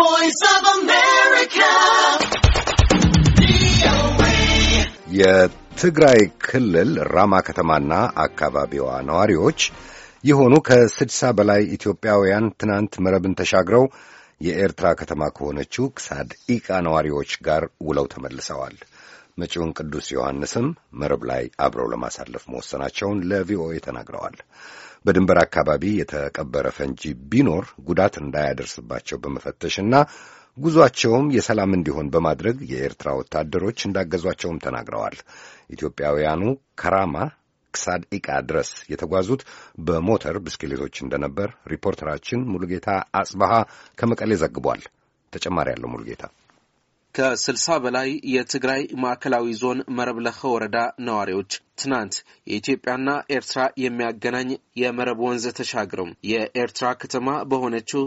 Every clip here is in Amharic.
ቮይስ ኦፍ አሜሪካ የትግራይ ክልል ራማ ከተማና አካባቢዋ ነዋሪዎች የሆኑ ከስድሳ በላይ ኢትዮጵያውያን ትናንት መረብን ተሻግረው የኤርትራ ከተማ ከሆነችው ሳድኢቃ ነዋሪዎች ጋር ውለው ተመልሰዋል። መጪውን ቅዱስ ዮሐንስም መረብ ላይ አብረው ለማሳለፍ መወሰናቸውን ለቪኦኤ ተናግረዋል። በድንበር አካባቢ የተቀበረ ፈንጂ ቢኖር ጉዳት እንዳያደርስባቸው በመፈተሽና ጉዟቸውም የሰላም እንዲሆን በማድረግ የኤርትራ ወታደሮች እንዳገዟቸውም ተናግረዋል። ኢትዮጵያውያኑ ከራማ ሳድኢቃ ድረስ የተጓዙት በሞተር ብስክሌቶች እንደነበር ሪፖርተራችን ሙሉጌታ አጽበሃ ከመቀሌ ዘግቧል። ተጨማሪ ያለው ሙሉጌታ ከስልሳ በላይ የትግራይ ማዕከላዊ ዞን መረብለኸ ወረዳ ነዋሪዎች ትናንት የኢትዮጵያና ኤርትራ የሚያገናኝ የመረብ ወንዝ ተሻግረው የኤርትራ ከተማ በሆነችው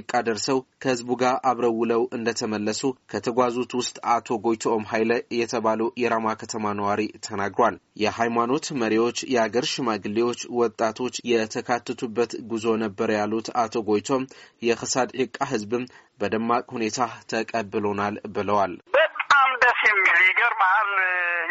ዕቃ ደርሰው ከህዝቡ ጋር አብረው ውለው እንደተመለሱ ከተጓዙት ውስጥ አቶ ጎይቶኦም ኃይለ የተባሉ የራማ ከተማ ነዋሪ ተናግሯል። የሃይማኖት መሪዎች፣ የአገር ሽማግሌዎች፣ ወጣቶች የተካተቱበት ጉዞ ነበር ያሉት አቶ ጎይቶም ዕቃ ህዝብም በደማቅ ሁኔታ ተቀብሎናል ብለዋል። ደስ የሚል ይገርመሃል፣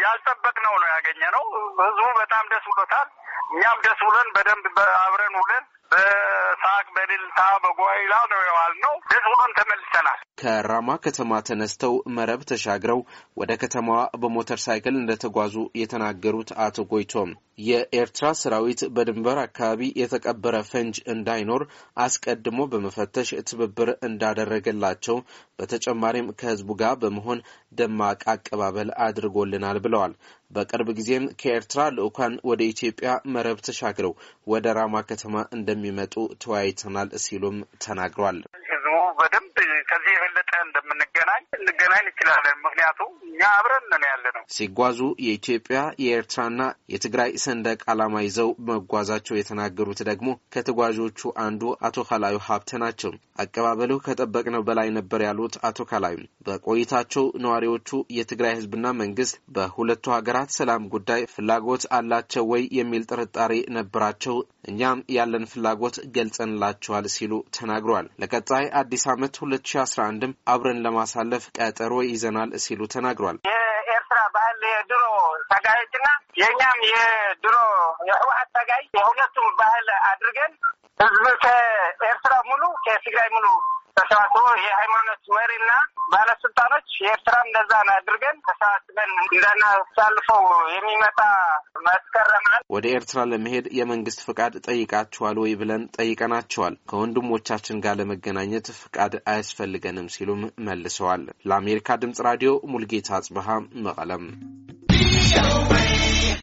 ያልጠበቅነው ነው ያገኘነው። ህዝቡ በጣም ደስ ብሎታል። እኛም ደስ ብለን በደንብ አብረን ውለን በሳቅ በድልታ በጓይላ ነው የዋልነው። ደስ ብሎን ተመልሰናል። ከራማ ከተማ ተነስተው መረብ ተሻግረው ወደ ከተማዋ በሞተር ሳይክል እንደተጓዙ የተናገሩት አቶ ጎይቶም የኤርትራ ሰራዊት በድንበር አካባቢ የተቀበረ ፈንጅ እንዳይኖር አስቀድሞ በመፈተሽ ትብብር እንዳደረገላቸው በተጨማሪም ከህዝቡ ጋር በመሆን ደማቅ አቀባበል አድርጎልናል ብለዋል። በቅርብ ጊዜም ከኤርትራ ልዑካን ወደ ኢትዮጵያ መረብ ተሻግረው ወደ ራማ ከተማ እንደሚመጡ ተወያይተናል ሲሉም ተናግሯል። ህዝቡ በደንብ ከዚህ ልንገናኝ እንችላለን። ምክንያቱም እኛ አብረን ነን ያለ ነው። ሲጓዙ የኢትዮጵያ የኤርትራና የትግራይ ሰንደቅ ዓላማ ይዘው መጓዛቸው የተናገሩት ደግሞ ከተጓዦቹ አንዱ አቶ ካላዩ ሀብተ ናቸው። አቀባበሉ ከጠበቅነው በላይ ነበር ያሉት አቶ ካላዩ በቆይታቸው ነዋሪዎቹ የትግራይ ህዝብና መንግስት በሁለቱ ሀገራት ሰላም ጉዳይ ፍላጎት አላቸው ወይ የሚል ጥርጣሬ ነበራቸው። እኛም ያለን ፍላጎት ገልጸንላቸዋል ሲሉ ተናግረዋል። ለቀጣይ አዲስ ዓመት 2011ም አብረን ለማሳለፍ ቀጥ ቀጠሮ ይዘናል ሲሉ ተናግሯል። የኤርትራ ባህል የድሮ ታጋዮችና የእኛም የድሮ የህወሀት ተጋይ የሁለቱም ባህል አድርገን ህዝብ ከኤርትራ ሙሉ ከትግራይ ሙሉ ተሳቶ የሃይማኖት መሪና ባለስልጣኖች የኤርትራ እንደዛ አድርገን ተሳስበን እንዳናሳልፈው የሚመጣ መስከረማል ወደ ኤርትራ ለመሄድ የመንግስት ፍቃድ ጠይቃችኋል ወይ ብለን ጠይቀናቸዋል። ከወንድሞቻችን ጋር ለመገናኘት ፍቃድ አያስፈልገንም ሲሉም መልሰዋል። ለአሜሪካ ድምጽ ራዲዮ ሙልጌታ አጽበሃ መቀለም